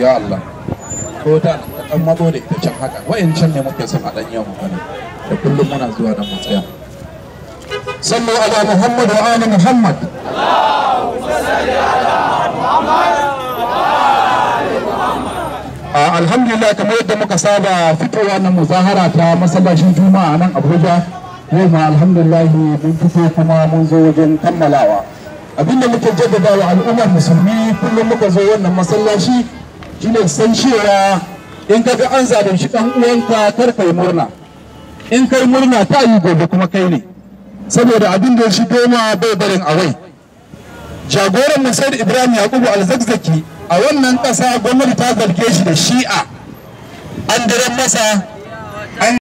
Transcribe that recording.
ya Allah ko da dan mazo da ita can haka wayancan ne muke son a dan yau magana da kullum muna zuwa nan matsaya sallu ala muhammad wa ali muhammad allahumma salli ala muhammad alhamdulillah kamar yadda muka saba fitowa na muzahara ta masallacin juma'a nan abuja yau ma alhamdulillah mun fito kuma mun zo wajen kammalawa abinda muke jaddada wa al'ummar musulmi kullum muka zo wannan masallaci shine san cewa in kaga an shi dan uwanka kar kai murna in kai murna ta yi gobe kuma kai ne saboda abin da shi goma bai barin awai jagoran musaid ibrahim yakubu alzakzaki a wannan kasa gwamnati ta zarge shi da shi'a an dare masa